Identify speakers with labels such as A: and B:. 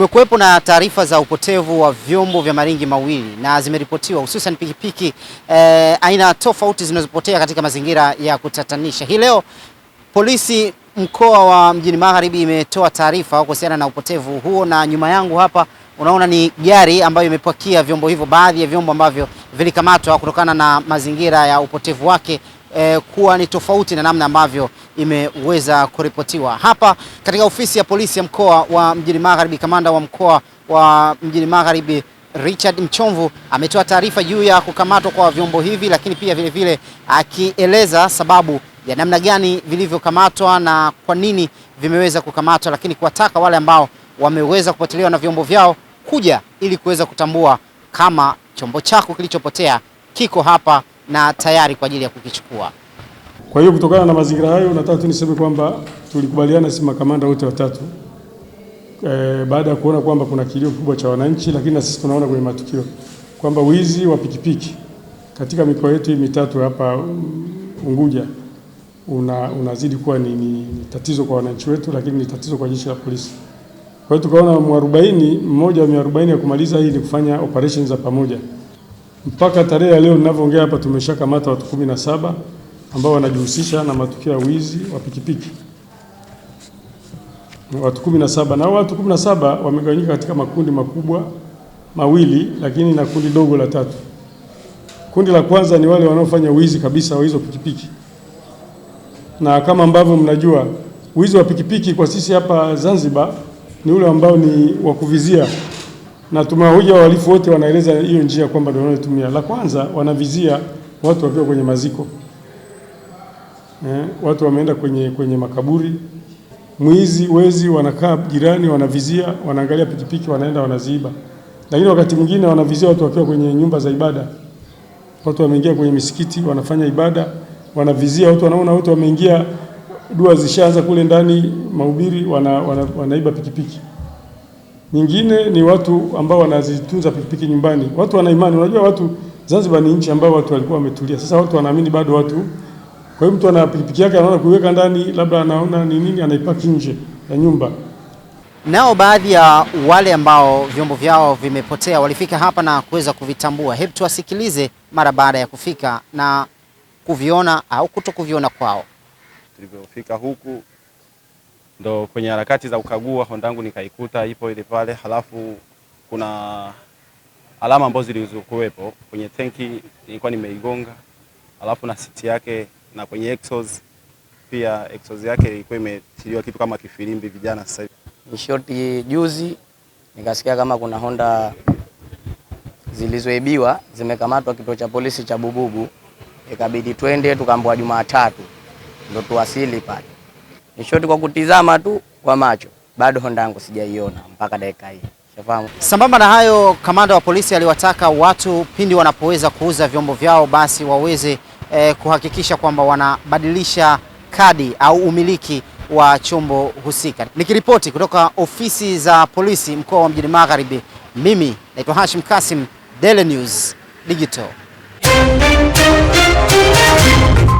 A: Kumekuwepo na taarifa za upotevu wa vyombo vya maringi mawili na zimeripotiwa hususan pikipiki eh, aina tofauti zinazopotea katika mazingira ya kutatanisha. Hii leo polisi mkoa wa Mjini Magharibi imetoa taarifa kuhusiana na upotevu huo, na nyuma yangu hapa unaona ni gari ambayo imepakia vyombo hivyo, baadhi ya vyombo ambavyo vilikamatwa kutokana na mazingira ya upotevu wake eh, kuwa ni tofauti na namna ambavyo imeweza kuripotiwa hapa katika ofisi ya polisi ya mkoa wa Mjini Magharibi. Kamanda wa mkoa wa Mjini Magharibi Richard Mchomvu ametoa taarifa juu ya kukamatwa kwa vyombo hivi, lakini pia vilevile akieleza sababu ya namna gani vilivyokamatwa na kwa nini vimeweza kukamatwa, lakini kuwataka wale ambao wameweza kupotelewa na vyombo vyao kuja ili kuweza kutambua kama chombo chako kilichopotea kiko hapa na tayari kwa ajili ya kukichukua.
B: Kwa hiyo kutokana na mazingira hayo, nataka tu niseme kwamba tulikubaliana sisi makamanda wote watatu e, baada ya kuona kwamba kuna kilio kikubwa cha wananchi, lakini na sisi tunaona kwenye matukio kwamba wizi wa pikipiki katika mikoa yetu hii mitatu hapa Unguja una, unazidi kuwa ni, ni tatizo kwa wananchi wetu, lakini ni tatizo kwa jeshi la polisi. Kwa hiyo tukaona mwarobaini mmoja wa mwarobaini ya kumaliza hii ni kufanya operation za pamoja. Mpaka tarehe ya leo ninavyoongea hapa, tumeshakamata watu kumi na saba ambao wanajihusisha na matukio ya wizi wa pikipiki, watu kumi na saba na watu kumi na saba wamegawanyika katika makundi makubwa mawili, lakini na kundi dogo la tatu. Kundi la kwanza ni wale wanaofanya wizi kabisa wa hizo pikipiki, na kama ambavyo mnajua wizi wa pikipiki kwa sisi hapa Zanzibar ni ule ambao ni wa kuvizia na tumewahoji wahalifu wote, wanaeleza hiyo njia kwamba ndio wanayotumia. La kwanza wanavizia watu wakiwa kwenye maziko eh, watu wameenda kwenye, kwenye makaburi. Mwizi wezi wanakaa jirani, wanavizia, wanaangalia pikipiki, wanaenda wanaziiba. Lakini wakati mwingine wanavizia watu wakiwa kwenye nyumba za ibada, watu wameingia kwenye misikiti wanafanya ibada, wanavizia watu, wanaona watu wameingia, dua zishaanza kule ndani, mahubiri, wana, wana, wana pikipiki piki. Nyingine ni watu ambao wanazitunza pikipiki nyumbani, watu wana imani. Unajua watu Zanzibar ni nchi ambayo watu walikuwa wametulia, sasa watu wanaamini bado watu. Kwa hiyo mtu ana pikipiki yake anaona kuiweka ndani, labda anaona ni nini, anaipaki nje ya nyumba.
A: Nao baadhi ya wale ambao vyombo vyao vimepotea walifika hapa na kuweza kuvitambua. Hebu tuwasikilize mara baada ya kufika na kuviona au kuto kuviona kwao.
C: Tulipofika huku ndo kwenye harakati za ukagua hondangu nikaikuta ipo ile pale, halafu kuna alama ambazo zilizokuwepo kwenye tenki nilikuwa nimeigonga, alafu na siti yake na kwenye exhaust pia, exhaust yake ilikuwa imetiliwa kitu kama kifilimbi. Vijana sasa hivi
D: ni shoti. Juzi nikasikia kama kuna Honda zilizoibiwa zimekamatwa kituo cha polisi cha Bububu, ikabidi twende, tukaambiwa Jumatatu ndo tuwasili pale. Ni kwa kutizama tu kwa macho, bado honda yangu sijaiona mpaka dakika hii.
A: Shafahamu. Sambamba na hayo, kamanda wa polisi aliwataka watu pindi wanapoweza kuuza vyombo vyao basi waweze eh, kuhakikisha kwamba wanabadilisha kadi au umiliki wa chombo husika. Nikiripoti kutoka ofisi za polisi mkoa wa Mjini Magharibi, mimi naitwa Hashim Kasim, Daily News Digital.